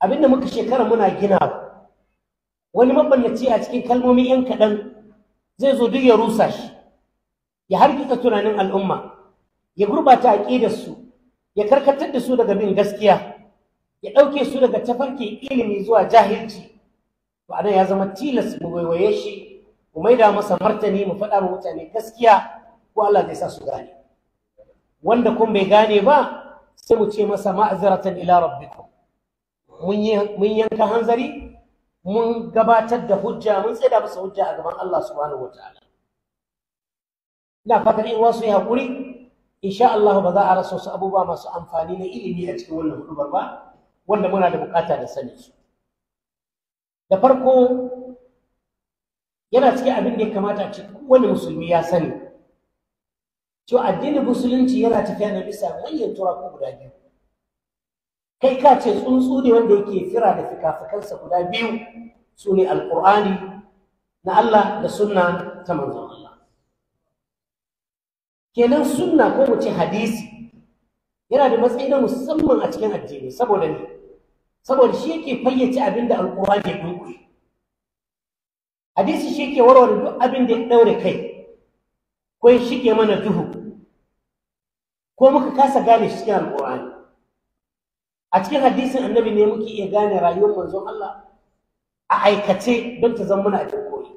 abinda muka shekara muna gina wani mabannaci a cikin kalmomi yan kaɗan zai zo duk ya rusa shi ya harkika tunanin al'umma ya gurbata aƙidarsu ya karkatar da su daga bin gaskiya ya ɗauke su daga tafarki ilimi zuwa jahilci to anan ya zama tilas mu waiwaye shi mu maida masa martani mu faɗa wa mutane gaskiya ko Allah zai sa su gane wanda kun bai gane ba sai mu ce masa ma'azaratan ila rabbikum mun yanka hanzari mun gabatar da hujja mun tsada masa hujja a gaban Allah subhanahu wataala ina fatan in wasu yi hakuri insha Allah ba za a rasa su abubuwa masu amfani na ilimi a cikin wannan hudubar ba wanda muna da bukata da sani su da farko yana cikin abin da ya kamata a ce wani musulmi ya sani cewa addinin musulunci yana tafiya ne bisa manyan turaku guda biyu kai ka ce tsuntsu ne wanda yake fira da fikafikansa guda biyu su ne alƙur'ani na Allah da sunna ta manzon Allah kenan sunna ko mu ce hadisi yana da matsayi na musamman a cikin addini saboda ne saboda shi yake fayyace abin da alƙur'ani ya kunkuri hadisi shi yake warware duk abin da ya ɗaure kai ko ya shige mana duhu ko muka kasa gane shi cikin alƙur'ani a cikin hadisin annabi ne muke iya gane rayuwar manzon Allah a aikace don ta zama muna abin koyi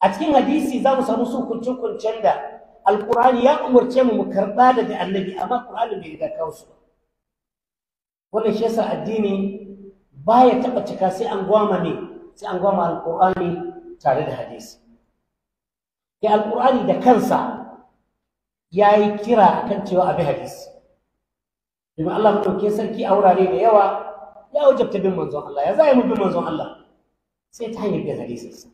a cikin hadisi za mu samu su kunce da alkur'ani ya umarce mu mu karɓa daga annabi amma ƙur'ani bai riga kawo su ba wannan shi yasa addini baya taɓa cika sai an gwama ne sai an gwama alkur'ani tare da hadisi ya alkur'ani da kansa ya kira akan cewa abi hadisi domin Allah ɗauke sarki a wurare da yawa ya wajabta bin manzon Allah ya zai mu bin manzon Allah sai ta hanyar bin hadisinsa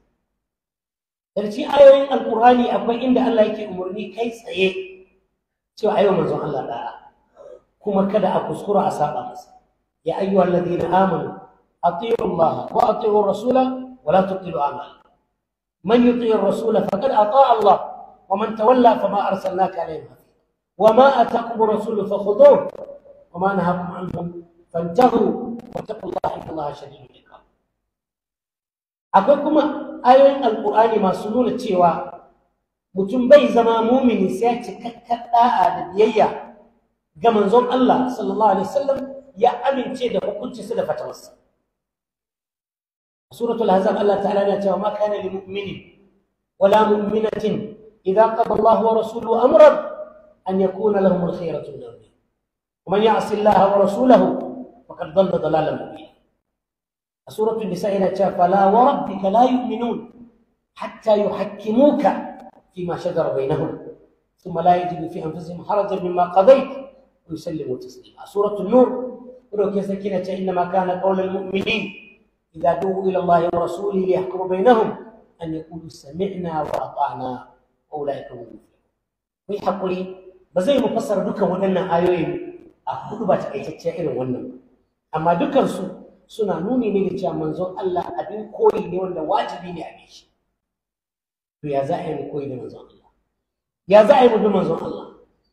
daga ayoyin alkur'ani akwai inda Allah yake umarni kai tsaye cewa ayyuka manzon Allah ɗaya. kuma kada a kuskura a saba masa ya ayyuhal ladina amanu atiyu Allah wa atiyu rasula wala la tutilu amal man yuti'u rasula faqad ata'a Allah wa man tawalla fama arsalnaka alayhi wa ma atakum rasulu fakhudhuhu وما نهاكم عنه فانتهوا واتقوا الله ان الله شديد العقاب akwai kuma ayoyin alkur'ani masu nuna cewa mutum bai zama mumini sai ya cikakkar da'a da biyayya ga manzon Allah sallallahu alaihi wasallam ya amince da su da fatawarsa suratul hazab Allah ta'ala na cewa ma kana lil mu'mini wala mu'minatin idza qada Allah wa rasuluhu amran an yakuna lahum al-khayratu min ومن يعص الله ورسوله فقد ضل ضلالا مبينا سورة النساء هنا فلا وربك لا يؤمنون حتى يحكموك فيما شجر بينهم ثم لا يجدوا في أنفسهم حرجا مما قضيت ويسلموا تسليما سورة النور ولو سكينة إنما كان قول المؤمنين إذا دعوا إلى الله ورسوله ليحكم بينهم أن يقولوا سمعنا وأطعنا أولئك هم المفلحون ويحق لي بزي مفسر دوكا ودنا آيوين a hudu ba takaitacciya irin wannan ba amma dukansu suna nuni ne da cewa manzon Allah abin koyi ne wanda wajibi ne a bi shi to ya za a yi mu koyi da manzon Allah ya za a yi mu bi manzon Allah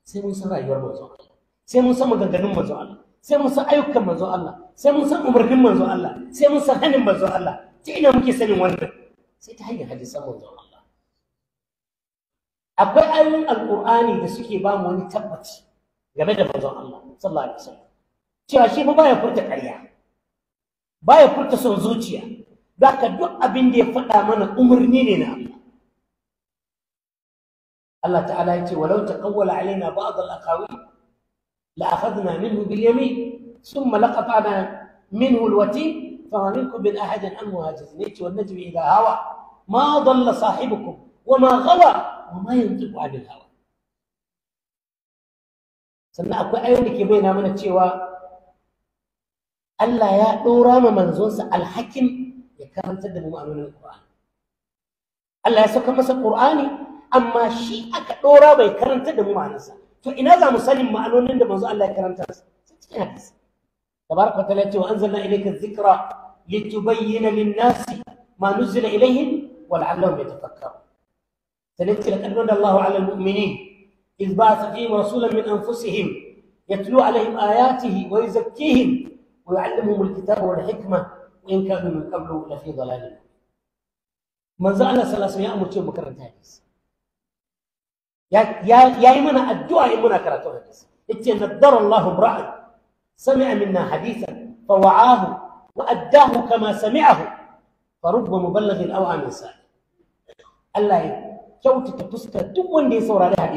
sai mun san rayuwar manzon Allah sai mun san maganganun manzon Allah sai mun san ayyukan manzon Allah sai mun san umarnin manzon Allah sai mun san hannun manzon Allah ta ina muke sanin wannan sai ta hanyar hadisan manzon Allah akwai ayoyin alqur'ani da suke ba mu wani tabbaci جميل بزو الله صلى الله عليه وسلم شو هالشيء ما بايا فرت كريا بايا فرت سوزوتيا ذاك دو أبين دي فتا من عمر نينا الله تعالى يتي ولو تقول علينا بعض الأقاويل لأخذنا منه باليمين ثم لقطعنا منه الوتي فما منكم من أحد ان مهاجرين والنجم إذا هوى ما ضل صاحبكم وما غوى وما ينطق عن الهوى sannan akwai ayoyin da ke bayyana mana cewa Allah ya ɗora ma manzonsa alhakin ya karantar da mu ma'anonin Qur'ani Allah ya sauka masa Qur'ani amma shi aka ɗora bai karantar da mu ma'anarsa to ina za mu sanin ma'anonin da manzo Allah ya karanta su cikin hadisi tabaraka ta'ala ce wa anzalna ilayka dhikra litubayyana lin-nasi ma nuzila ilayhim wa la'allahum yatafakkarun sanadti laqad Allah 'ala al-mu'minin إذ بعث فيهم رسولا من أنفسهم يتلو عليهم آياته ويزكيهم ويعلمهم الكتاب والحكمة وإن كانوا من قبل لفي ضلال من زعل الله يا أمر تيوم مكرن تهديس يا يا يا إمنا الدعاء إمنا كرتون هديس إتي نضر الله امرأ سمع منا حديثا فوعاه وأداه كما سمعه فرب مبلغ أو عن إنسان الله يكوتك تسكت دون دي صورة لها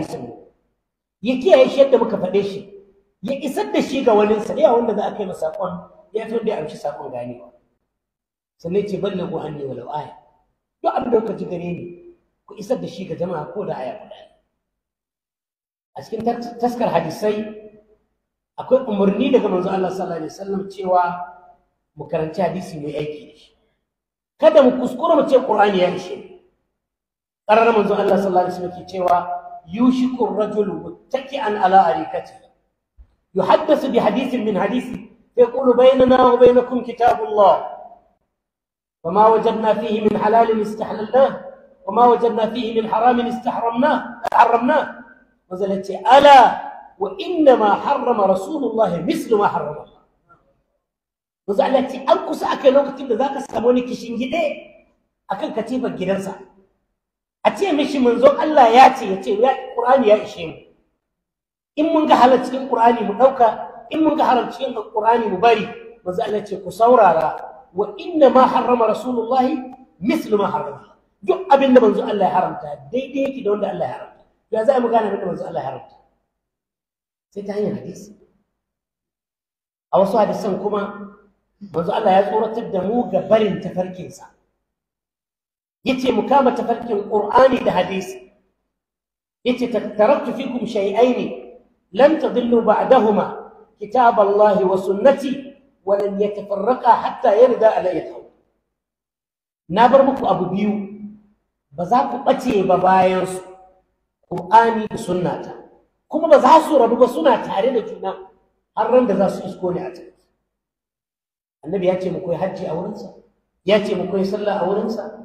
ya kiyaye shi yadda muka faɗe shi ya isar da shi ga waninsa ɗaya wanda za a kai masa saƙon ya fito da ya amshi saƙon ganewa sannan ce balle ko hannu walau aya duk abin da kuka ji gare ni ku isar da shi ga jama'a ko da aya guda a cikin taskar hadisai akwai umarni daga manzo Allah sallallahu alaihi wasallam cewa mu karanci hadisi mai aiki da shi kada mu kuskura mu ce Qur'ani ya ishe ƙarar manzo Allah sallallahu alaihi wasallam ke cewa يوشك الرجل متكئا على أريكته يحدث بحديث من حديثه يقول بيننا وبينكم كتاب الله وما وجدنا فيه من حلال استحللناه وما وجدنا فيه من حرام استحرمناه حرمناه وزلت ألا وإنما حرم رسول الله مثل ما حرم الله وزلت أنكس اكل وقت ذاك السموني كشنجده أكل كتيبة جنسة a ce mishi manzon Allah ya ce ya ce Qur'ani ya ishe mu in mun ga halar cikin Qur'ani mu dauka in mun ga haram cikin Qur'ani mu bari manzon Allah ce ku saurara wa inna ma harrama rasulullahi mislu ma harrama duk abinda da Allah ya haramta daidai yake da wanda Allah ya haramta ya za mu gane da manzon Allah ya haramta sai ta hanyar hadisi a wasu hadisan kuma manzon Allah ya tsoratar da mu ga barin tafarkinsa yace mu kama tafarkin qur'ani da hadisi yace taraktu fikum shay'ain lam tadillu ba'dahuma kitab Allah wa sunnati wa lan yatafarraqa hatta yarda alayhi na bar muku abu biyu ba za ku bace ba bayan su qur'ani da sunnata kuma ba za su rabu ba suna tare da juna har ran da za su isko ne a cikin annabi ya ce mu koyi hajji a wurinsa ya ce mu koyi sallah a wurinsa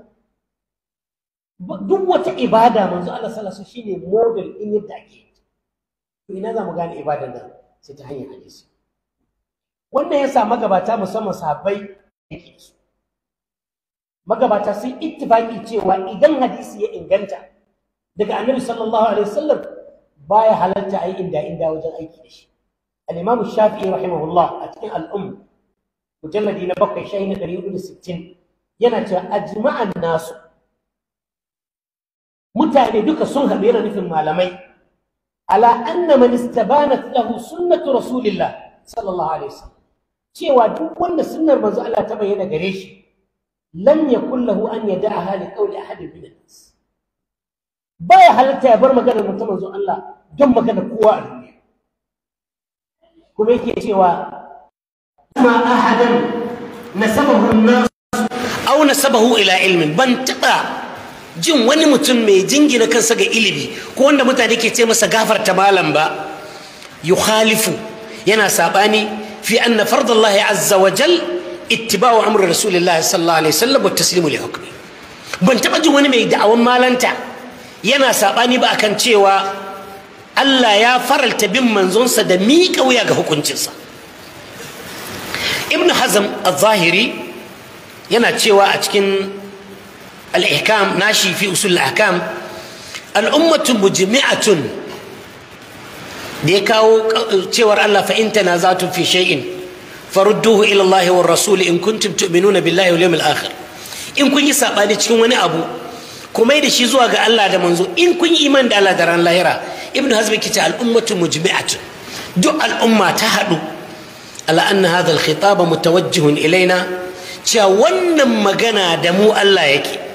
duk wata ibada manzo Allah sallallahu alaihi shine model in yadda ake to ina za mu gane ibadan nan sai ta hanyar hadisi wannan yasa magabata musamman sahabbai yake magabata sun ittifaki cewa idan hadisi ya inganta daga annabi sallallahu alaihi wasallam baya halarta ai inda inda wajen aiki da shi al-imam shafi'i rahimahullah a cikin al-umm mujalladi na bakwai shahi na 360 yana cewa ajma'an nasu mutane duka sun haɗu yana nufin malamai ala anna man istabanat lahu sunnatu rasulillah sallallahu alaihi wasallam cewa duk wanda sunnar manzo Allah ta bayyana gare shi lam yakul lahu an yada'aha li qawli ahad min an-nas baya halatta ya bar maganar mutum manzo Allah don magana kowa a duniya kuma yake cewa ma ahadan nasabahu an-nas aw nasabahu ila ilmin ban taba jin wani mutum mai jingina kansa ga ilimi ko wanda mutane ke ce masa gafar ta malam ba yukhalifu yana sabani fi anna fardallahi azza wa jal ittiba'u amri rasulillahi sallallahu alaihi wasallam wa taslimu li hukmi ban taba jin wani mai da'awan malanta yana sabani ba akan cewa Allah ya faralta bin manzonsa da miƙa wuya ga hukuncinsa ibnu hazm az-zahiri yana cewa a cikin al-ihkam nashi fi usul al-ahkam al-ummatu da ya kawo cewar Allah fa na tanazatu fi shay'in farudduhu ila wa rasul in kuntum nuna billahi wal yawmil akhir in kun yi sabani cikin wani abu kuma da shi zuwa ga Allah da manzo in kun yi iman da Allah da ran lahira ibnu hazm ke ce al-ummatu mujmi'atun duk al'umma ta haɗu ala anna hadha al-khitaba mutawajjihun ilaina cewa wannan magana da mu Allah yake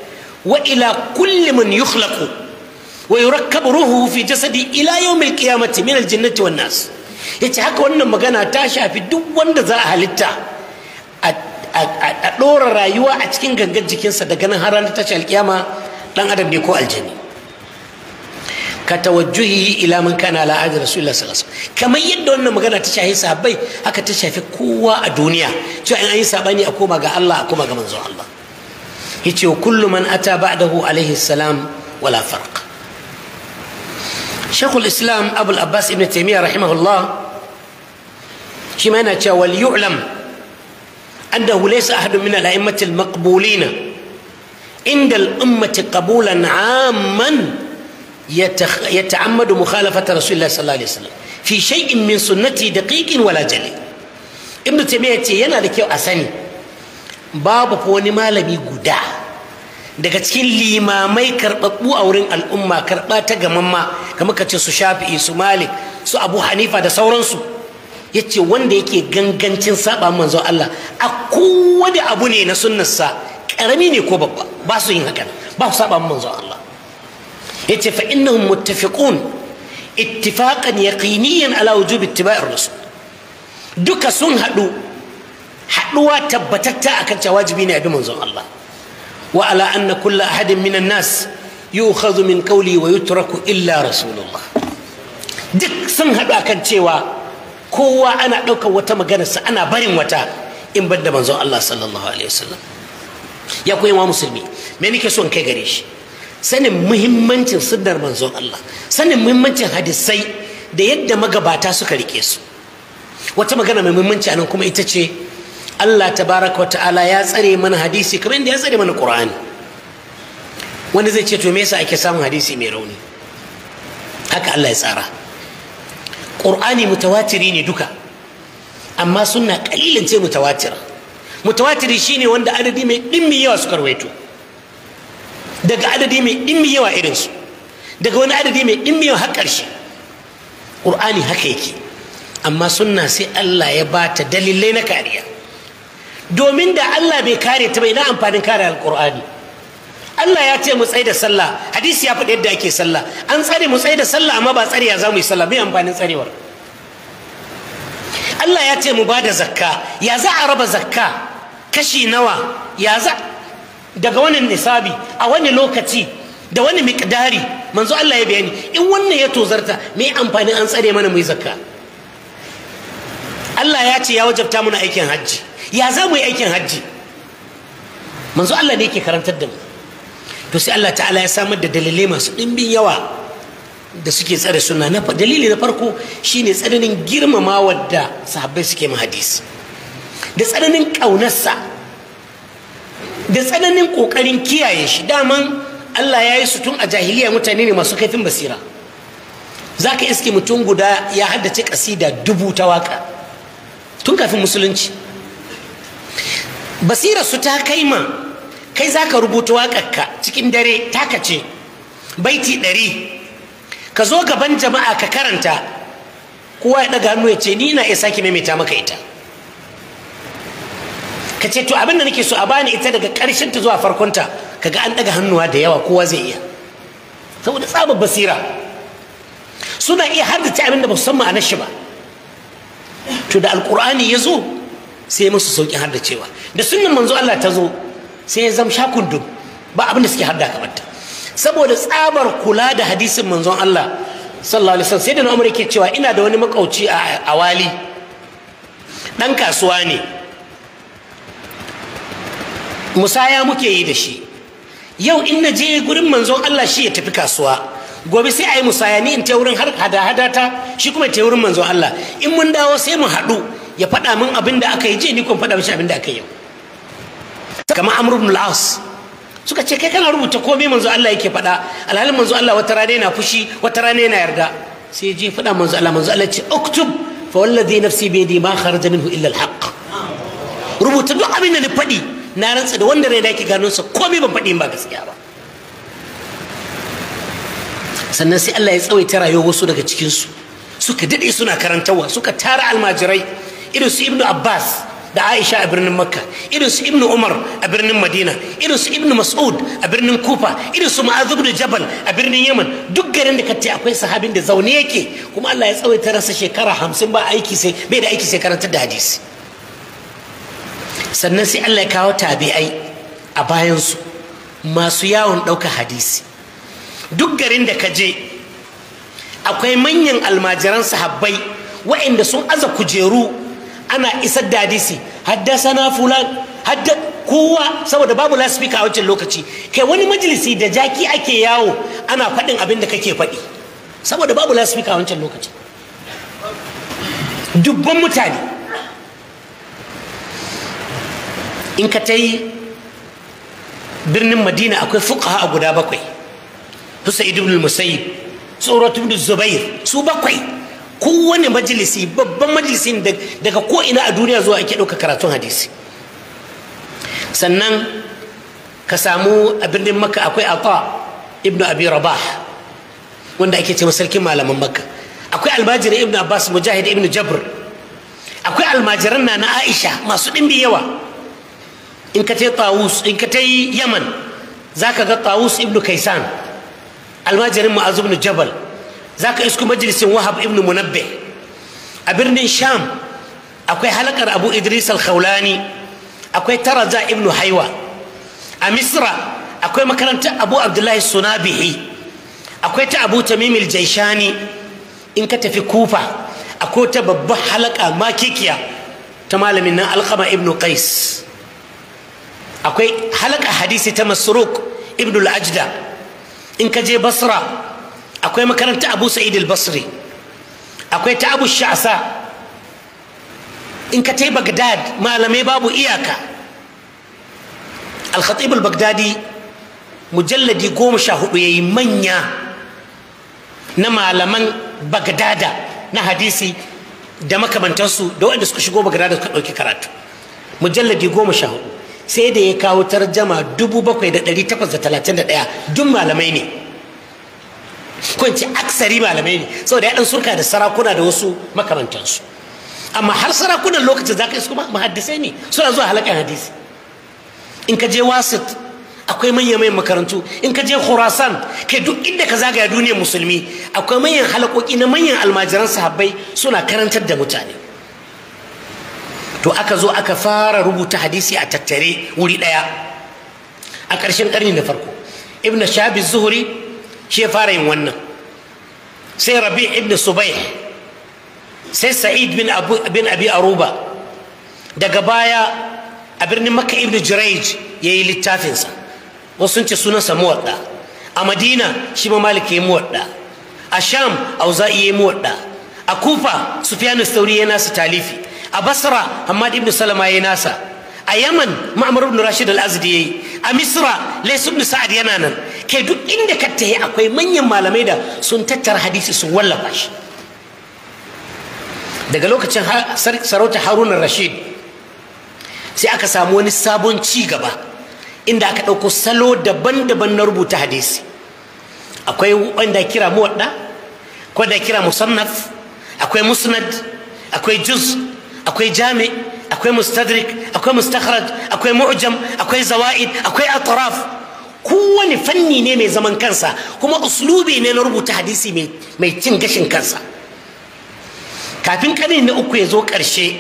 وإلى كل من يخلق ويركب روحه في جسدي إلى يوم القيامة من الجنة والناس يتحق وأن مغانا تاشا في دو وند زاء هلتا أدور رايوا أتكين غنغت جكين صدقنا هران تاشا القيامة لن أدب نيكو الجنة كتوجهه إلى من كان على عهد رسول الله صلى الله عليه وسلم كما يدو أن مغانا تاشا هي صحابي هكا تاشا في قوة الدنيا تو أن أي صحاباني أكوما الله أكوما منزو الله yace kullu man ata ba'dahu alayhi salam wala farq Sheikh al-Islam Abu abbas ibn Taymiyyah rahimahullah shi ma yana cewa wal yu'lam annahu laysa ahadu min al-a'immati al-maqbulina inda al-ummati qabulan 'amman yata'ammadu mukhalafata rasulillah sallallahu alaihi wasallam fi shay'in min sunnati daƙiƙin wala jali ibn Taymiyyah yana da kyau a sani babu fa wani malami guda daga cikin limamai karɓaɓɓu a wurin al'umma karɓa ta gamamma kamar ka ce su shafi'i su malik su abu hanifa da sauransu ya ce wanda yake gangancin saba manzo Allah a kowane abu ne na sunnarsa karami ne ko babba ba su yin hakan ba su saba manzo Allah ya ce fa innahum muttafiqun ittifaqan yaqiniyan ala wujubi ittiba'ir rasul duka sun haɗu haɗuwa tabbatatta akan cewa wajibi ne a bi manzon Allah wa ala anna kulla ahadin minan nas yukhadhu min qawli wa yutraku illa rasulullah duk sun haɗu akan cewa kowa ana ɗaukar wata sa ana barin wata in banda manzon Allah sallallahu alaihi wasallam ya koyi wa musulmi me nake in kai gare shi sanin muhimmancin sunnar manzon Allah sanin muhimmancin hadisai da yadda magabata suka rike su wata magana mai muhimmanci anan kuma ita ce Allah tabaraka wa ta'ala ya tsare mana hadisi kamar yadda ya tsare mana Qur'ani wanda zai ce to me yasa ake samun hadisi mai rauni haka Allah ya tsara Qur'ani mutawatiri ne duka amma sunna kalilan ce mutawatir mutawatiri shine wanda adadi mai dimmi yawa suka rawaito daga adadi mai dimmi yawa irin su daga wani adadi mai dimmi yawa har karshe Qur'ani haka yake amma sunna sai Allah ya bata dalilai na kariya domin da Allah bai kare ta bai na amfanin kare alkur'ani Allah ya ce mu tsaye da sallah hadisi ya faɗi yadda ake sallah an tsare mu tsaye da sallah amma ba tsare ya za mu yi sallah bai amfanin tsarewar Allah ya ce mu ba da zakka ya za a raba zakka kashi nawa ya za daga wani nisabi a wani lokaci da wani miƙdari manzo Allah ya bayani in wannan ya tozarta me amfanin an tsare mana mu yi zakka Allah ya ce ya wajabta muna aikin hajji ya za mu yi aikin hajji manzo Allah ne yake karantar da mu to sai Allah ta'ala ya samar da dalilai masu ɗimbin yawa da suke tsare suna na dalili na farko shine tsananin girmama wadda sahabbai suke ma hadisi da tsananin ƙaunarsa da tsananin ƙoƙarin kiyaye shi daman Allah ya yi su tun a jahiliya mutane ne masu kaifin basira za ka iske mutum guda ya haddace ƙasida dubu ta waƙa tun kafin musulunci basirar su ta kai ma kai za ka rubuta waƙarka cikin dare taka ce baiti ɗari ka zo gaban jama'a ka karanta kowa ya ɗaga hannu ya ce ni na iya sake maimaita maka ita ka ce to abin da nake so a bani ita daga ƙarshen ta zuwa farkonta ga an ɗaga hannuwa da yawa kowa zai iya saboda tsabar basira suna iya haddace abin da ba su san ma'anar shi ba to da alkur'ani ya zo sai musu sauƙin cewa da sunan manzo Allah ta zo sai ya zam shakundum ba abin da suke hada kamar ta saboda tsabar kula da hadisin manzon Allah sallallahu alaihi wasallam sai da Umar yake cewa ina da wani makauci a awali dan kasuwa ne musaya muke yi da shi yau in na je gurin manzon Allah shi ya tafi kasuwa gobe sai a yi musaya ni in ta wurin hada-hada ta shi kuma ta wurin manzo Allah in mun dawo sai mu haɗu ya faɗa min abin da aka yi je ni kuma faɗa mishi abin da aka yi kamar Amr ibn al-As suka ce kai kana rubuta komai manzo Allah yake faɗa alhalin manzo Allah wata rana yana fushi wata rana yana yarda sai je faɗa manzo Allah manzo Allah ce uktub fa wallazi nafsi bi yadi ma kharaja minhu illa al-haq rubuta duk abin da ni faɗi na rantsa da wanda rai da yake gano sa komai ban faɗi ba gaskiya ba sannan sai Allah ya tsawaita rayuwar wasu daga cikinsu suka daɗe suna karantarwa suka tara almajirai irin su ibnu abbas da aisha a birnin makka irin su ibnu umar a birnin madina irin su ibnu mas'ud a birnin kufa irin su ma'azub da jabal a birnin yaman duk garin da kace akwai sahabin da zaune yake kuma allah ya tsawaita rasa shekara hamsin ba aiki sai bai da aiki sai karanta da hadisi sannan sai allah ya kawo tabi'ai a bayansu masu yawon ɗaukar hadisi duk garin da ka je akwai manyan almajiran sahabbai waɗanda sun aza kujeru ana isar da hadisi na fulan hadda kowa saboda babu laspika a wajen lokaci kai wani majalisi da jaki ake yawo ana faɗin abin da kake faɗi saboda babu laspika a wancan lokaci dubban mutane in ka ta yi birnin madina akwai fuka a guda bakwai Husayd ibn Musayyib tsoro ibn Zubair su bakwai kowane majalisi babban majalisi daga ko ina a duniya zuwa ake ɗauka karatun hadisi sannan ka samu a birnin makka akwai ata ibn abi rabah wanda ake ce sarkin malaman makka akwai almajirin ibn abbas mujahid ibn jabr akwai almajiran na na aisha masu ɗimbi yawa in ka ta yi yaman za ka ga tawus ibn kaisan almajirin ma'az ibn jabal zaka isku majalisin wahab ibn munabbih a birnin sham akwai halakar abu idris al-khawlani akwai taraja ibn haiwa a misra akwai makarantar abu abdullahi sunabihi akwai ta abu tamim al-jaishani in ka tafi kufa akwai ta babbar halaka makikiya ta malamin nan alkama ibn qais akwai halaka hadisi ta masruq ibn al-ajda in ka je basra akwai makaranta abu sa'id al-basri akwai ta abu sha'asa in ka tai bagdad malamai babu iyaka al-khatib al bagdadi mujalladi goma sha hudu ya yi manya na malaman bagdada na hadisi da makamantansu da waɗanda suka shigo bagdada suka ɗauki karatu mujalladi goma sha hudu sai da ya kawo tarjama 7,831 duk malamai ne kwanci aksari malamai ne saboda ya dan surka da sarakuna da wasu makamantansu amma har sarakunan lokacin za ka kuma muhaddisai ne suna zuwa halakan hadisi in ka je wasit akwai manyan manyan makarantu in ka je khurasan kai duk inda ka zagaya duniyar musulmi akwai manyan halakoki na manyan almajiran sahabbai suna karantar da mutane to aka zo aka fara rubuta hadisi a tattare wuri ɗaya a ƙarshen ƙarni na farko ibn shabi zuhuri shi ya fara yin wannan sai rabi ibn subai sai sa'id bin abi aruba daga baya a birnin makka ibn jiraij ya yi littafinsa wasu sun ce sunansa muwadda a madina shi ma malik ya yi muwadda a sham auza'i ya yi muwadda a kufa sufyanu sauri ya nasu talifi a basra hamad ibn salama ya nasa a yaman ma'amar ibn rashid al-azdi yayi a misra lays ibn sa'ad yana nan ke duk inda ka tahi akwai manyan malamai da sun tattara hadisi sun wallafa shi daga lokacin sarauta haruna rashid sai aka samu wani sabon ci gaba inda aka ɗauko salo daban-daban na rubuta hadisi akwai wanda kira muwadda akwai kira musannaf akwai musnad akwai juz akwai jami akwai mustadrik akwai mustakhraj akwai mu'jam akwai zawaid akwai atraf kowane fanni ne mai zaman kansa kuma uslubi ne na rubuta hadisi mai cin gashin kansa kafin karni na uku ya zo ƙarshe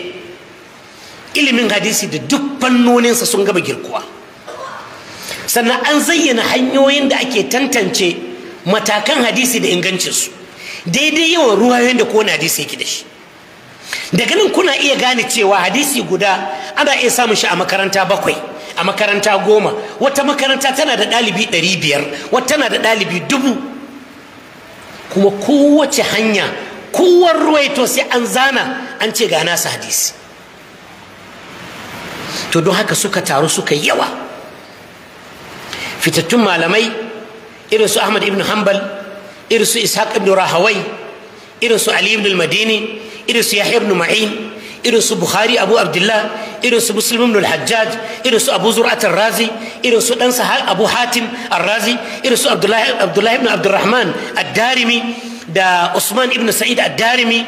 ilimin hadisi da duk fannoninsa sun gaba girkuwa sannan an zayyana hanyoyin da ake tantance matakan hadisi da ingancinsu daidai yawan ruwayoyin da kowane hadisi yake da shi da nan kuna iya gane cewa hadisi guda ana iya samun shi a makaranta bakwai a makaranta goma wata makaranta tana da ɗalibi ɗari biyar wata tana da ɗalibi dubu kuma kowace hanya kowar to sai an zana an ce ga nasa hadisi to don haka suka taru suka yawa fitattun malamai irin su ahmad ibn hanbal irin su ishaq ibn rahawai irin su ali ibn madini irin su yahya ibn ma'in irin su bukhari abu abdullah irin su muslim ibn al-hajjaj irin su abu zur'at ar-razi irin su dan abu hatim ar-razi irin su abdullahi ibn abdurrahman ad-darimi da usman ibn sa'id ad-darimi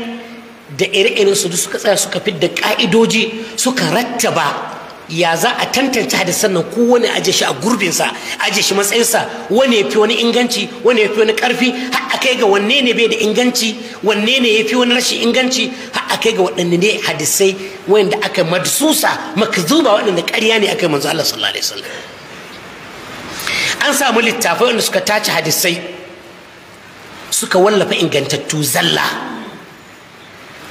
da ire-iren su suka tsaya suka fidda ka'idoji suka rattaba ya za a tantance hadisan nan ko wani aje shi a gurbinsa aje shi matsayinsa wani ya fi wani inganci wani ya fi wani karfi har a kai ga wanne ne bai da inganci wanne ne ya fi wani rashin inganci har a kai ga waɗanne ne hadisai wanda aka madsusa makzuba waɗanda ƙarya ne aka manzo Allah sallallahu alaihi wasallam an samu littafai wanda suka tace hadisai suka wallafa ingantattu zalla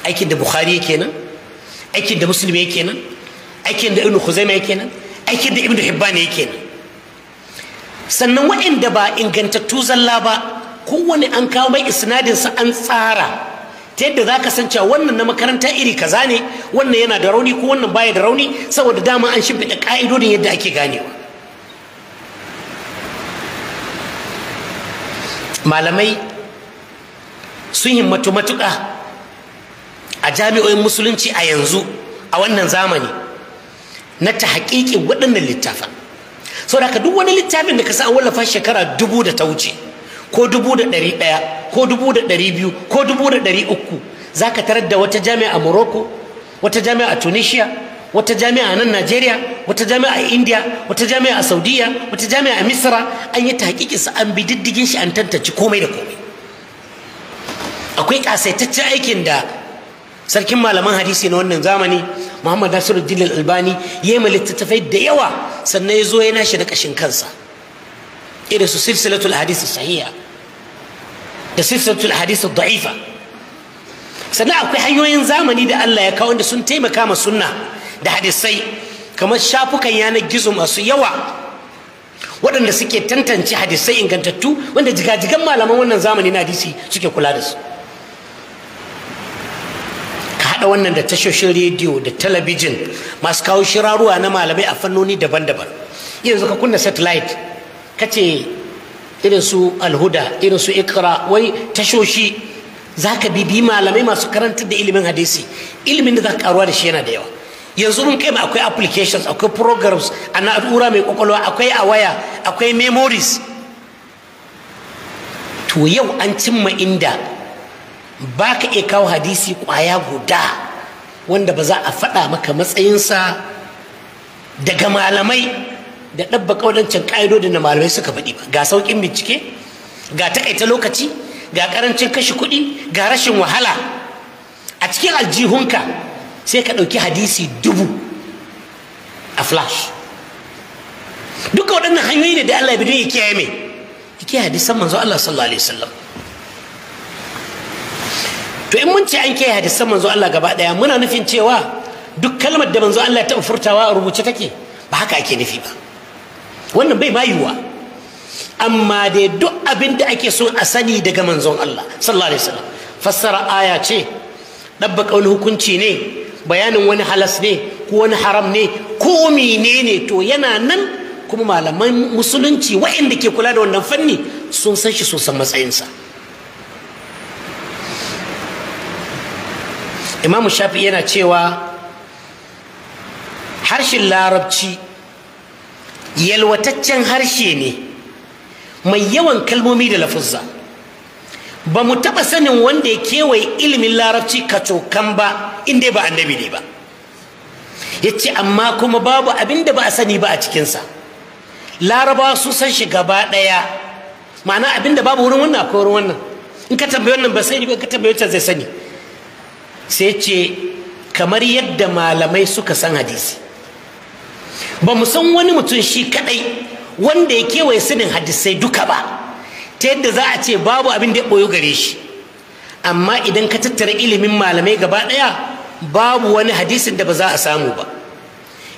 aikin da bukhari kenan aikin da musulmi kenan aikin da ibnu khuzaima yake nan aikin da ibnu hibban yake nan sannan waɗanda ba ingantattu zalla ba kowane an kawo mai isnadin sa an tsara ta yadda za ka san cewa wannan na makaranta iri kaza ne wannan yana da rauni ko wannan baya da rauni saboda dama an shimfiɗa ka'idodin yadda ake ganewa malamai sun himmatu matuka a jami'o'in musulunci a yanzu a wannan zamani na ta haƙiƙin waɗannan littafan saboda haka duk wani littafin da ka sa a wallafa shekara dubu da ta wuce ko dubu da ɗari ɗaya ko dubu da ɗari biyu ko dubu da ɗari uku za ka tarar da wata jami'a a morocco wata jami'a a tunisia wata jami'a a nan najeriya wata jami'a a india wata jami'a a saudiya wata jami'a a misra an yi sa an bi diddigin shi an tantance komai da komai akwai ƙasaitaccen aikin da sarkin malaman hadisi na wannan zamani muhammad nasiruddin al-albani yayi ma littattafai da yawa sannan ya zo yana shi da kashin kansa irin su silsilatul hadith sahiha da silsilatul hadith da'ifa sannan akwai hanyoyin zamani da Allah ya kawo wanda sun taimaka ma sunna da hadisai kamar shafukan yanar gizo masu yawa waɗanda suke tantance hadisai ingantattu wanda jigajigan malaman wannan zamani na hadisi suke kula da su haɗa wannan da tashoshin rediyo da talabijin masu kawo shiraruwa na malamai a fannoni daban-daban yanzu ka kunna satellite ka ce irin su alhuda irin su ikra wai tashoshi za ka bibi malamai masu karantar da ilimin hadisi ilimin da za ka karuwa da shi yana da yawa yanzu mun kai ma akwai applications akwai programs a na'ura mai kwakwalwa akwai a waya akwai memories to yau an cimma inda ba ka iya kawo hadisi kwaya guda wanda ba za a faɗa maka matsayinsa daga malamai da ɗabba ƙaunancin ƙa'idodin da malamai suka faɗi ba ga sauƙin bincike ga taƙaita lokaci ga ƙarancin kashe kuɗi ga rashin wahala a cikin aljihunka sai ka ɗauki hadisi dubu a flash duka waɗannan hanyoyi ne da Allah ya bi don ya kiyaye mai ya kiyaye hadisan manzo Allah sallallahu alaihi wasallam to in mun ce an kiyaye hadisan manzo Allah gaba daya muna nufin cewa duk kalmar da manzo Allah ta furtawa a rubuce take ba haka ake nufi ba wannan bai bayuwa amma dai duk abin da ake so a sani daga manzon Allah sallallahu alaihi wasallam fassara aya ce dabba kauli hukunci ne bayanin wani halas ne ko wani haram ne ko menene to yana nan kuma malaman musulunci waɗanda ke kula da wannan fanni sun san shi sosan matsayinsa imamu shafi yana cewa harshen larabci yalwataccen harshe ne mai yawan kalmomi da lafuzza ba mu taɓa sanin wanda ya kewaye ilimin larabci kacokan ba inda ba annabi ne ba ya ce amma kuma babu abinda ba a sani ba a cikinsa larabawa su san shi gaba ɗaya ma'ana abinda babu wurin wannan akwai wurin wannan in ka tambayi wannan ba sani ba ka tambayi wancan zai sani sai ce kamar yadda malamai suka san hadisi ba mu san wani mutum shi kadai wanda ya kewaye sanin hadisai duka ba ta yadda za a ce babu abin da ya boyo gare shi amma idan ka tattara ilimin malamai gaba ɗaya babu wani hadisin da ba za a samu ba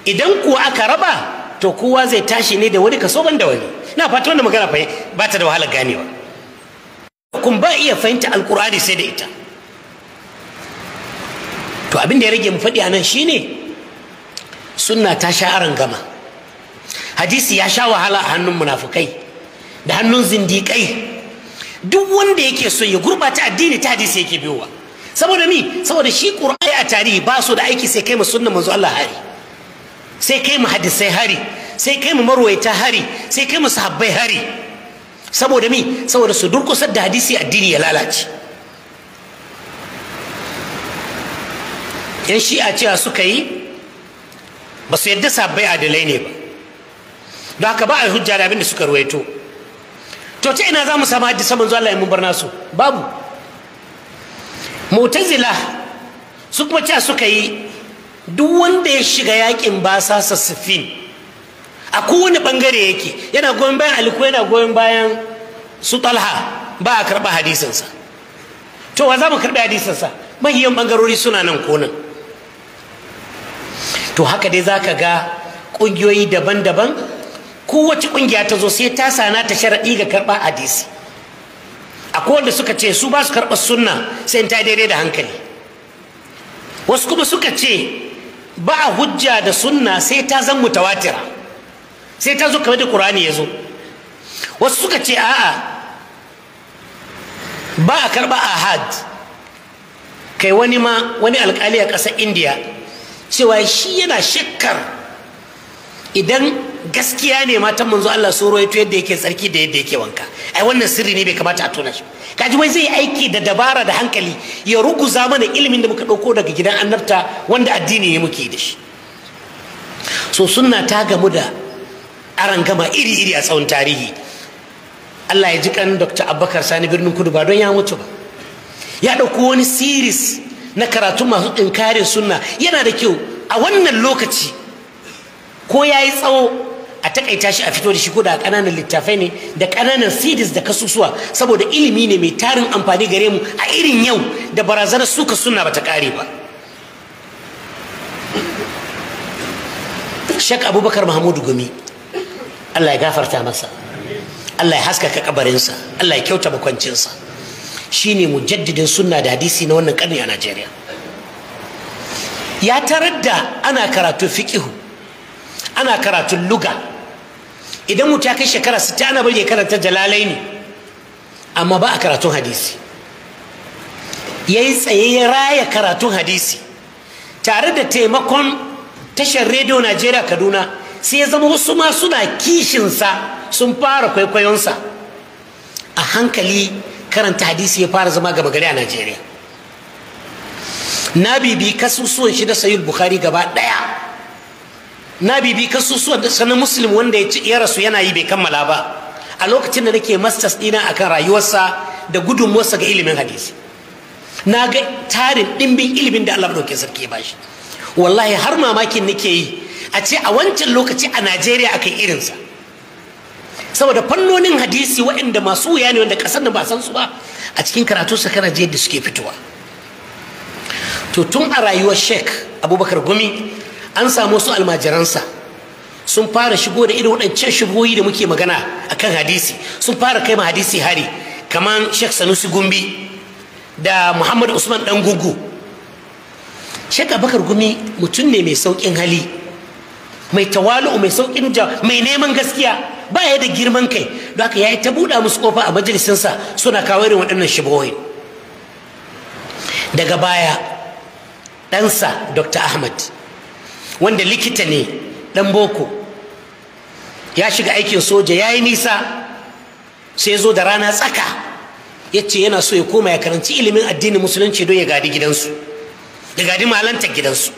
idan kuwa aka raba to kowa zai tashi ne da wani kaso ban da wani na fata wanda magana ba ta da wahalar ganewa kun ba iya fahimta alkur'ani sai da ita to abin da ya rage mu faɗi a nan shine sunna ta sha aran gama hadisi ya sha wahala a hannun munafukai da hannun zindiƙai duk wanda yake so ya gurɓata addini ta hadisi yake biyowa saboda mi saboda shi ƙur'ai a tarihi ba su da aiki sai kai mu sunna manzo Allah hari sai kai mu hadisai hari sai kai mu marwaita hari sai kai mu sahabbai hari saboda mi saboda su durƙusar da hadisi addini ya lalace yan shi'a cewa suka yi ba su yadda sabbai adalai ne ba don haka ba a yi hujja da abin da suka ruwaito to ta ina za mu samu hadisi saman zuwa mun bar nasu babu mutazila su kuma cewa suka yi duk wanda ya shiga yakin basa sassafin a kowane bangare yake yana goyon bayan aliku yana goyon bayan su talha ba a karɓa hadisinsa to wa za mu karɓi hadisinsa mahiyan bangarori suna nan konan to haka dai zaka ga ƙungiyoyi daban-daban kowace ƙungiya ta zo sai ta sana ta sharaɗi ga karɓa hadisi akwai wanda suka ce su ba su karɓar sunna sai ta daidai da hankali wasu kuma suka ce ba a hujja da sunna sai ta zan mutawatira sai ta zo kamar da ƙur'ani ya zo wasu suka ce a'a ba a karɓa ahad kai wani ma wani alƙali a ƙasar indiya cewa shi yana shakkar idan gaskiya ne matan manzo Allah sun to yadda yake tsarki da yadda yake wanka ai wannan sirri ne bai kamata a tona shi kaji wai zai aiki da dabara da hankali ya ruguza mana ilimin da muka dauko daga gidan annabta wanda addini ne muke da shi so sunna ta gamu da arangama iri iri a tsawon tarihi Allah ya ji kan Dr. Abubakar Sani Birnin Kudu ba don ya mutu ba ya dauko wani series na karatun masu inkarin sunna yana da kyau a wannan lokaci ko ya yi tsawo a takaita shi a fito da shi ko da kananan littafai ne da ƙananan sidis da kasusuwa saboda ilimi ne mai tarin amfani gare mu a irin yau da barazanar suka sunna ta ƙare ba shek abubakar mahmudu gumi allah ya gafarta masa allah ya haskaka kabarinsa allah ya kyauta makwancinsa shine mujaddidin sunna da hadisi na wannan karni a Najeriya ya tarar da ana karatu fiqihu ana karatu luga idan mu ta kai shekara 60 ana bari ya karanta jalalaini amma ba a karatun hadisi ya yi tsaye ya raya karatun hadisi tare da taimakon tashar rediyo najeriya kaduna sai ya zama wasu ma suna kishinsa sun fara kwaikwayonsa a hankali karanta hadisi ya fara zama gaba gari a najeriya na bibi kasusuwan shi da sayul bukhari gaba daya na bibi kasusuwan da sanin muslim wanda ya ci rasu yana yi bai kammala ba a lokacin da nake masters dina a kan rayuwarsa da gudunmuwarsa ga ilimin hadisi na ga tarin ɗimbin ilimin da allah ɗauke sarki ya bashi wallahi har mamakin nake yi a ce a wancan lokaci a najeriya akan irinsa saboda fannonin hadisi waɗanda masu wuya ne wanda ƙasar da ba san su ba a cikin karatu su kana da suke fitowa to tun a rayuwar shek abubakar gumi an samu su almajiransa sun fara shigo da irin waɗancan shigoyi da muke magana akan hadisi sun fara kai ma hadisi hari kamar shek sanusi gumbi da muhammad usman dan gugu shek abubakar gumi mutum ne mai saukin hali mai tawalu mai sauƙin mai neman gaskiya ba ya da girman kai don haka ya yi ta buɗa musu kofa a majalisinsa suna kawo irin waɗannan shibohin daga baya ɗansa dr ahmad wanda likita ne ɗan boko ya shiga aikin soja ya yi nisa sai zo da rana tsaka ya ce yana so ya koma ya karanci ilimin addinin musulunci don ya gadi gidansu da gadi malantar gidansu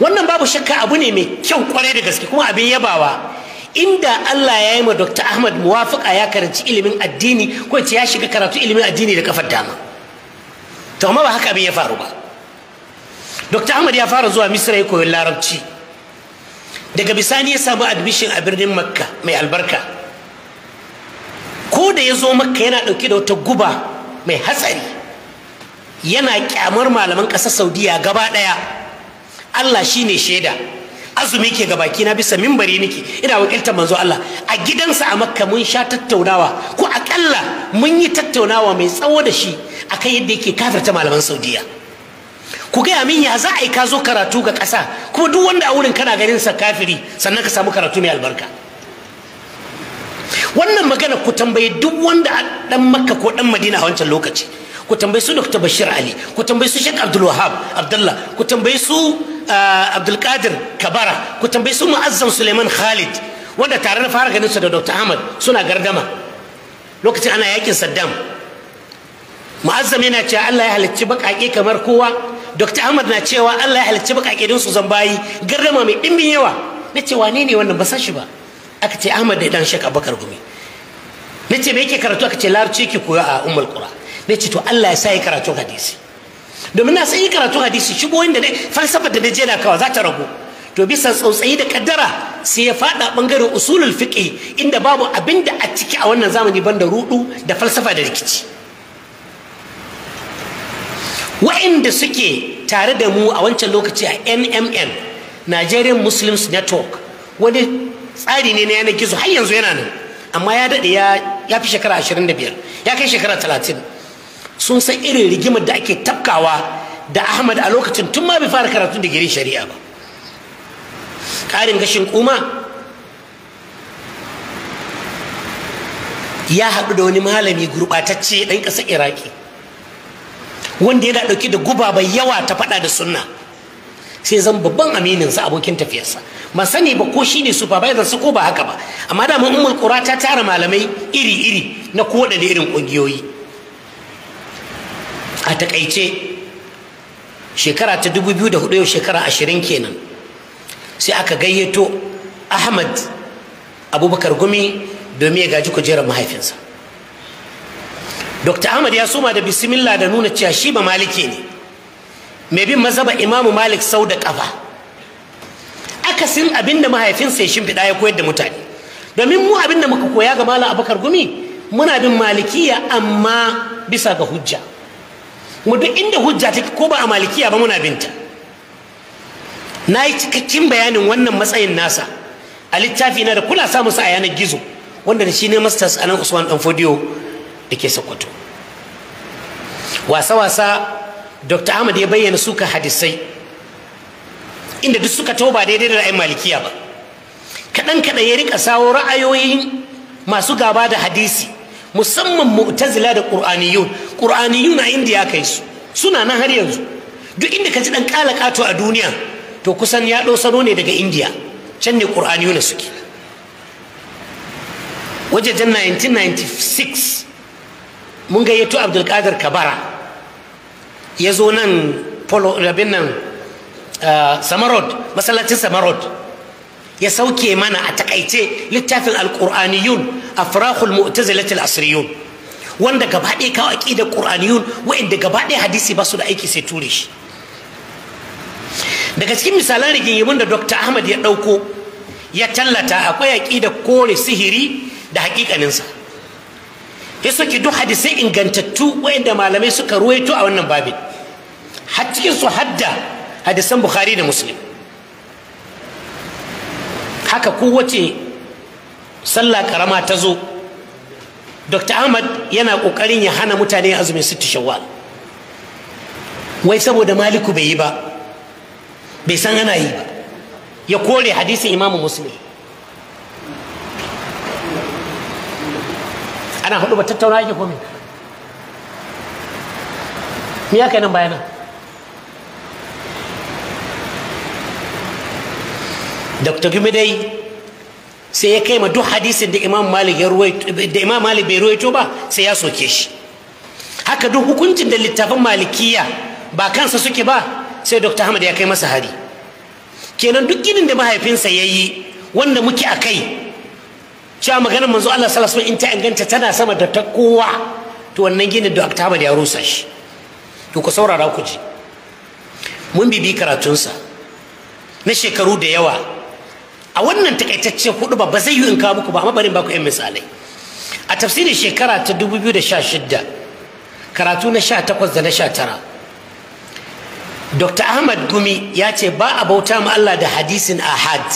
wannan babu shakka abu ne mai kyau kwarai da gaske kuma abin yabawa inda Allah ya yi ma Dr. Ahmad muwafiƙa ya karanci ilimin addini ko ya shiga karatu ilimin addini da kafar dama to amma ba haka abin ya faru ba Dr. Ahmad ya fara zuwa Misra ya koyi larabci daga bisani ya samu admission a birnin Makka mai albarka ko da ya zo Makka yana ɗauke da wata guba mai hatsari yana kyamar malaman ƙasar Saudiya gaba ɗaya Allah shine shaida azumi ke ga baki na bisa mimbari nake ina wakiltar manzo Allah a gidansa a makka mun sha tattaunawa ko akalla mun yi tattaunawa mai tsawo da shi akan yadda yake ta malaman saudiya ku gaya min ya za a yi ka zo karatu ga ƙasa kuma duk wanda a wurin kana ganin sa kafiri sannan ka samu karatu mai albarka wannan magana ku tambaye duk wanda a dan makka ko dan madina a wancan lokaci ku tambayi su Dr. Bashir Ali ku tambayi su Sheikh Abdul Wahab Abdullah ku tambayi su eh, Abdul Qadir Kabara ku tambayi su Mu'azzam Suleiman Khalid wanda tare na fara ganin su da Dr. Ahmad suna gardama lokacin ana yakin Saddam Mu'azzam yana cewa Allah ya halicci baƙaƙe kamar kowa Dr. Ahmad na cewa Allah ya halicci baƙaƙe don su zan bayi, gardama mai ɗimbin yawa na ce wane ne wannan ba san shi ba aka ce Ahmad da dan Sheikh Abubakar Gumi na ce me yake karatu aka ce larabci yake koyo a Ummul Qura na ce to Allah ya sa yi karatun hadisi domin na sai yi karatun hadisi shigo inda dai falsafar da je na kawa za ta ragu to bisa tsautsayi da kaddara sai ya fada bangaren usulul fiqi inda babu abin da a ciki a wannan zamani banda rudu da falsafa da rikici wa'inda suke tare da mu a wancan lokaci a NMN Nigerian Muslims Network wani tsari ne na yanar gizo har yanzu yana nan amma ya daɗe ya fi shekara 25 ya kai shekara 30 sun san irin rigimar da ake tafkawa da ahmad a lokacin tun ma bai fara karatun girin shari'a ba Karin gashin kuma ya haɗu da wani malami gurɓatacce ɗan ƙasar iraki wanda yana ɗauke da guba bai yawa ta faɗa da sunna sai zan babban amininsa abokin tafiyarsa ba sani ba ko shine supervisor sa ko ba haka ba amma da mun ummul qura ta tara malamai iri iri na koda da irin ƙungiyoyi. a takaice shekara ta 2004 yau shekara ashirin kenan sai aka gayyato ahmad abubakar gumi domin ya gaji kujerar mahaifinsa dr ahmad ya suma da bismillah da nuna cewa shi ba maliki ne mai bin mazaba imamu malik sau da kafa akasin abinda mahaifinsa ya shimfiɗa ya koyar da mutane domin mu abinda muka koya ga malam abubakar gumi muna bin malikiya amma bisa ga hujja mu duk inda hujja take ko ba a malikiya ba muna binta na yi cikakken bayanin wannan matsayin nasa a littafi na da kula sa musu a yanar gizo wanda da shi ne masters a usman dan fodiyo da ke sokoto wasa-wasa dr ahmad ya bayyana suka hadisai inda duk suka ba daidai da ra'ayin malikiya ba kaɗan kaɗai ya rika sawo ra'ayoyin masu gaba da hadisi musamman mu'tazila da qur'aniyun qur'aniyun a indiya kai su suna nan har yanzu duk inda ka ji dan kala kato a duniya to kusan ya ɗau sano ne daga indiya can ne qur'aniyun suke wajejen 1996 mun gayyato abdulkadir kabara ya zo nan polo rabin nan uh, samarod masallacin samarod ya sauke mana a takaice littafin a afrahul mu'tazilatil asriyun wanda gaba ɗaya kawo aƙidar ƙur'aniyun wa'inda gaba ɗaya hadisi ba su da aiki sai ture shi daga cikin misalan rigingimin da dr ahmad ya ɗauko ya tallata akwai aƙidar kore sihiri da haƙiƙaninsa ya soke duk hadisai ingantattu wa'inda malamai suka ruwaito a wannan babin har cikin su hadda hadisan bukhari da muslim haka kowace sallah karama ta zo dr ahmad yana kokarin ya hana mutane azumin sittu shawwal wai saboda maliku bai yi ba bai san ana yi ba ya kore hadisin imamu musulmi ana hudu ba tattauna yake komai me ya kai nan bayanan dr gumi sai ya kai ma duk hadisin da imam malik da imam malik bai ruwaito ba sai ya soke shi haka duk hukuncin da littafin malikiya ba kansa suke ba sai dr hamad ya kai masa hari kenan duk ginin da mahaifinsa ya yi wanda muke a kai cewa maganar manzo Allah salasu in ta inganta tana sama da ta kowa to wannan ginin dr hamad ya rusa shi to ku saurara ku ji mun bibi karatunsa na shekaru da yawa a wannan takaitaccen hudu ba zai yi in kawo muku ba amma bari ba ku yan misalai a tafsirin shekara ta 2016 karatu na 18 da na 19 Dr. Ahmad Gumi ya ce ba a bauta ma Allah da hadisin ahad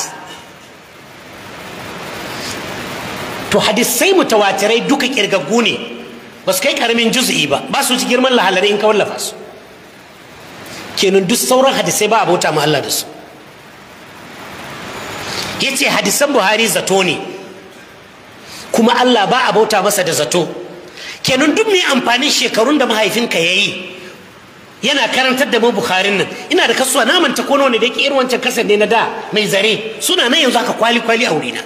to hadisai mutawatirai duka kirgaggu ne ba su kai karamin juzu'i ba ba su ci girman lahalari in ka wallafa su kenan duk sauran hadisai ba a bauta ma Allah da su ya ce hadisan buhari zato ne kuma allah ba a bauta masa da zato kenan duk mai amfanin shekarun da mahaifinka ya yi yana karantar da mu bukharin nan ina da kasuwa na manta ko ne da yake irin wancan kasar ne na da mai zare suna nan yanzu haka kwali kwali a wurina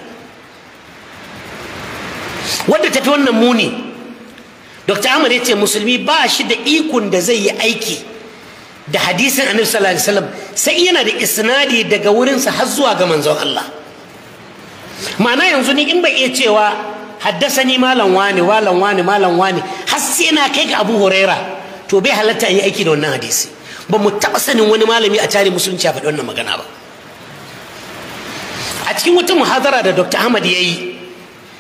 wanda tafi wannan muni dr ahmad ya ce musulmi ba shi da ikon da zai yi aiki da hadisin annabi sallallahu alaihi wasallam sai yana da isnadi daga wurinsa har zuwa ga manzon allah ma'ana yanzu ni in bai iya cewa haddasa ni malam wani malam wani malam wani har sai na kai ga abu huraira to bai halatta in yi aiki da wannan hadisi ba mu taɓa sanin wani malami a tare musulunci a faɗi wannan magana ba a cikin wata muhazara da dr ahmad ya yi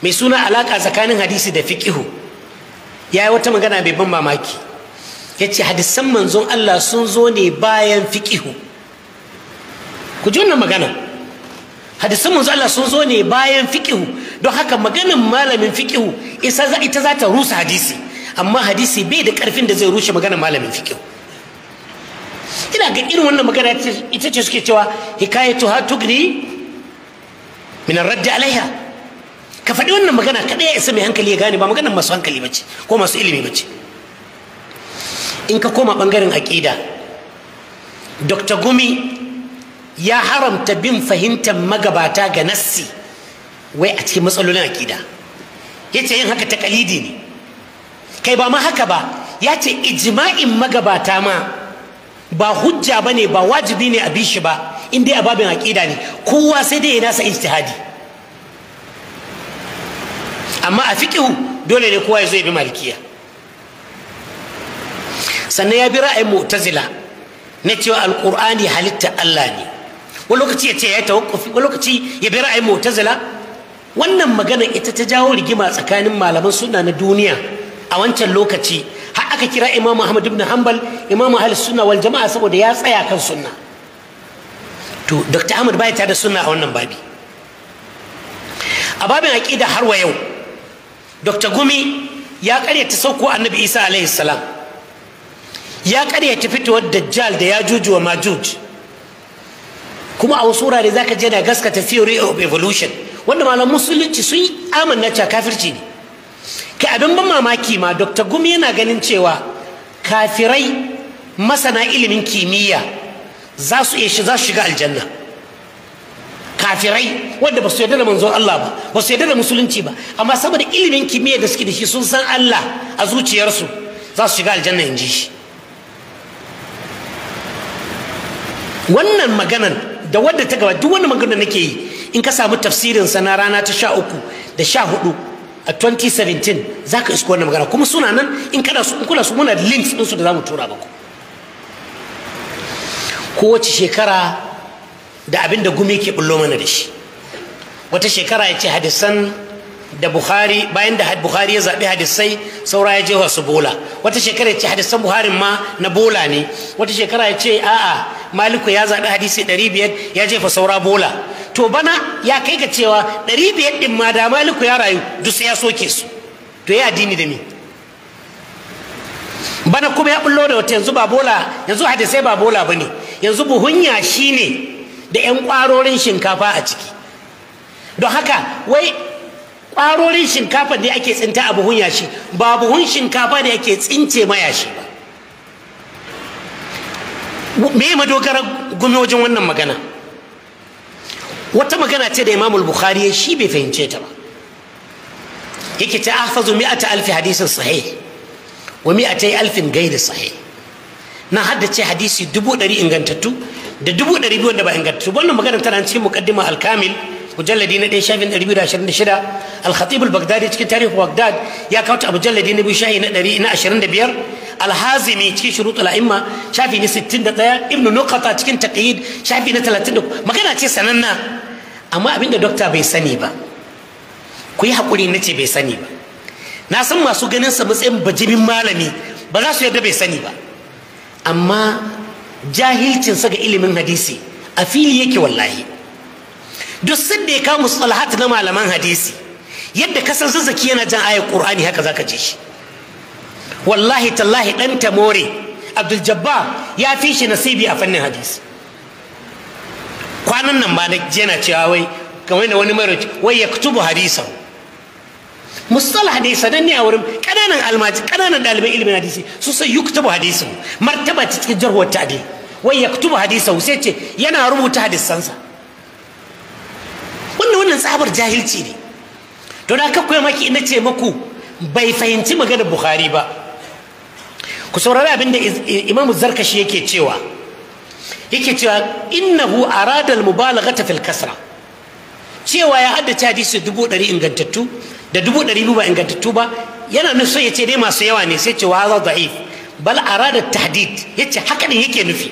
mai suna alaka tsakanin hadisi da fiƙihu ya yi wata magana mai ban mamaki ya ce hadisan manzon allah sun zo ne bayan fiƙihu ku ji wannan magana hadisan manzo Allah sun zo ne bayan fikihu don haka maganin malamin fikihu isa za ita za ta rusa hadisi amma hadisi bai da karfin da zai rushe maganar malamin fiqihu ina ga irin wannan magana ita ce suke cewa hikayatu ha min ar-radd alaiha ka faɗi wannan magana kada ya isa mai hankali ya gane ba maganar masu hankali bace ko masu ilimi bace in ka koma bangaren aqida Dr. Gumi ya haramta bin fahimtar magabata ga nassi wai a cikin matsalolin akida ya ce yin haka ta kalidi ne kai ba ma haka ba ya ce ijma'in magabata ma ba hujja ba ne ba wajibi ne a bishi ba in dai a babin akida ne kowa sai dai ya nasa ijtihadi amma a fiƙihu dole ne kowa ya zo ya bi malikiya sannan ya bi ra'ayin mu'tazila na cewa alƙur'ani halitta Allah ne wani lokaci ya ce ya yi tawakkufi wani lokaci ya bi ra'ayin mu'tazila wannan magana ita ta jawo rigima tsakanin malaman sunna na duniya a wancan lokaci har aka kira imamu ahmad ibn hanbal imamu ahli sunna wal jama'a saboda ya tsaya kan sunna to dr ahmad bai ta da sunna a wannan babi a babin aqida har wa yau dr gumi ya karyata sauko annabi isa alaihi salam ya karyata fitowar dajjal da ya juju wa majuj kuma a wasu wurare zaka je na gaskata theory of evolution wanda malam musulunci sun yi amanna cewa kafirci ne ka abin ban mamaki ma dr gumi yana ganin cewa kafirai masana ilimin kimiyya za su iya za su shiga aljanna kafirai wanda ba su yarda da manzon Allah ba ba su yarda da musulunci ba amma saboda ilimin kimiyya da suke da shi sun san Allah a zuciyarsu za su shiga aljanna in ji shi wannan maganan da wadda ta gaba duk wani magana nake yi in ka samu tafsirin sa na rana ta sha uku da sha hudu a 2017 zaka isko wannan magana kuma suna nan in kada su kula su muna links su da zamu mu tura muku kowace shekara da abin da gumi ke bullo mana da shi wata shekara ya ce hadisan da bukhari bayan da bukhari ya zaɓi hadisai saura ya je wasu bola wata shekara ya ce hadisan Bukhari ma na bola ne wata shekara ya ce a'a maliku ya zaɓi hadisi ɗari biyar ya jefa saura bola to bana ya kai ga cewa ɗari biyar ɗin ma da maliku ya rayu duk sai ya soke su to ya addini da ni. bana kuma ya bullo da wata yanzu ba bola yanzu hadisai ba bola bane yanzu buhunya shine da 'yan kwarorin shinkafa a ciki don haka wai ɓarorin shinkafa ne ake tsinta a buhun yashi ba buhun shinkafa ne ake tsince ma yashi ba me madogara gumi wajen wannan magana wata magana ce da imamul bukhari shi bai fahimce ta ba yake ta ahfazu mi'ata alfi hadisin sahih wa mi'atai alfin gairi sahih na haddace hadisi dubu ɗari ingantattu da dubu ɗari biyu da ba ingantattu wannan magana tana cikin muqaddima al-kamil mujalladi na ɗaya shafin ɗari biyu da ashirin da shida al bagdadi cikin tarihi bagdad ya kawo a mujalladi na biyu shafi na ɗari na ashirin da biyar al cikin shurut al-a'imma shafi na sittin da ɗaya ibn nukata cikin taqyid shafi na talatin da magana ce sananna amma abinda dokta bai sani ba ku yi haƙuri na ce bai sani ba na san masu ganin sa matsayin bajibin malami ba za su yarda bai sani ba amma jahilcin jahilcinsa ga ilimin hadisi a fili yake wallahi duk da ya kawo mustalahat na malaman hadisi yadda ka san zazzaki yana jan ayar qur'ani haka zaka ji shi wallahi tallahi dan tamore abdul jabba ya fi shi nasibi a fannin hadisi kwanan nan ba na jena cewa wai kamar da wani mara wai ya kutubu hadisa mustalah ne a wurin kananan almaji kananan ɗaliban ilimin hadisi su sai yuktubu hadisa martaba cikin jarhuwar ta'dil wai ya kutubu hadisa sai ce yana rubuta hadisansa wannan tsabar jahilci ne to da aka koya maki ina ce maku bai fahimci maganar bukhari ba ku saurari abin da imamu zarkashi yake cewa yake cewa innahu aradal al-mubalaghata fil kasra cewa ya haddace hadisi dubu ɗari ingantattu da dubu ɗari ba ingantattu ba yana nufin so ya ce dai masu yawa ne sai cewa haza da'if bal arada tahdid yace haka ne yake nufi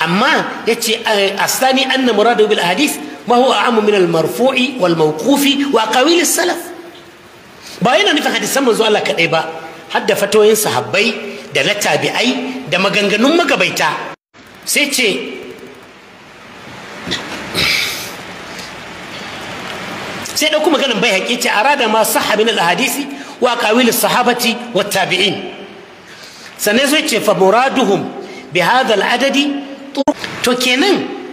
amma yace asani anna muradu bil hadith ma huwa amu min al-marfu'i wal mawqufi wa aqawil salaf ba yana nufin hadisan manzo Allah kadai ba har da fatoyin sahabbai da na tabi'ai da maganganun magabaita sai ce sai ɗauko maganin bai haƙi ce arada ma sahha min al-hadisi wa aqawil sahabati wa tabi'in sannan sai ce fa muraduhum bi hadha al-adadi to kenan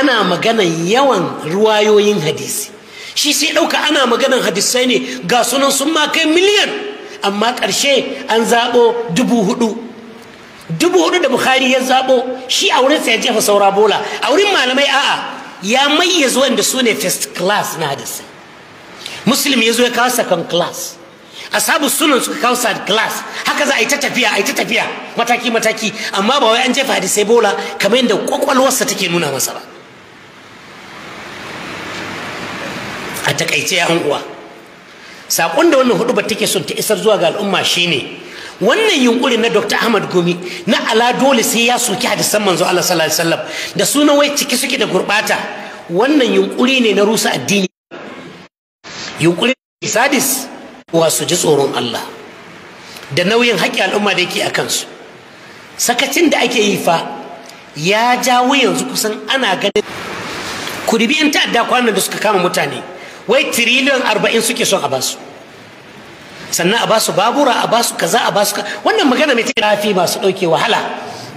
ana maganan yawan ruwayoyin hadisi shi sai ɗauka ana maganan hadisai ne ga sunan sun ma kai miliyan amma ƙarshe an zaɓo dubu hudu dubu hudu da bukhari ya zaɓo shi a wurin sai ya jefa saura bola a wurin malamai a'a ya mayyazo da su ne first class na hadisi muslim ya zo ya kawo second class asabu sunan suka kawo third class haka za a yi ta tafiya a yi ta tafiya mataki mataki amma ba wai an jefa hadisai bola kamar yadda kwakwalwarsa take nuna masa ba a takaice ya uwa saƙon da wannan hudu ba take son ta isar zuwa ga al'umma shine wannan yunkuri na dr ahmad gumi na ala dole sai ya soki hadisan manzo allah sallallahu alaihi wasallam da sunan wai ciki suke da gurbata wannan yunkuri ne na rusa addini yunkuri sadis wa su ji tsoron allah da nauyin haƙƙi al'umma da yake a kansu sakacin da ake yi fa ya jawo yanzu kusan ana ganin ku ribi 'yan ta'adda kwanan da suka kama mutane wai tiriliyon arba'in suke son a basu sannan a basu babura a basu kaza a basu wannan magana mai take rafi masu ɗauke wahala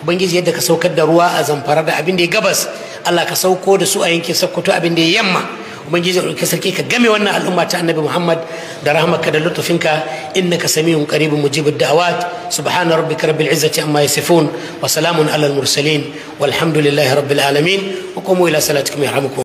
ubangiji yadda ka saukar da ruwa a zamfara da abin da ya gabas allah ka sauko da su a yankin sokoto abin da ya yamma ubangiji ɗauki sarki ka game wannan al'umma ta annabi muhammad da rahmaka da lutufinka innaka samiyun qaribun mujibud da'awat subhana rabbika rabbil izzati amma yasifun wa salamun alal mursalin walhamdulillahi rabbil alamin wa qumu ila salatikum yarhamukum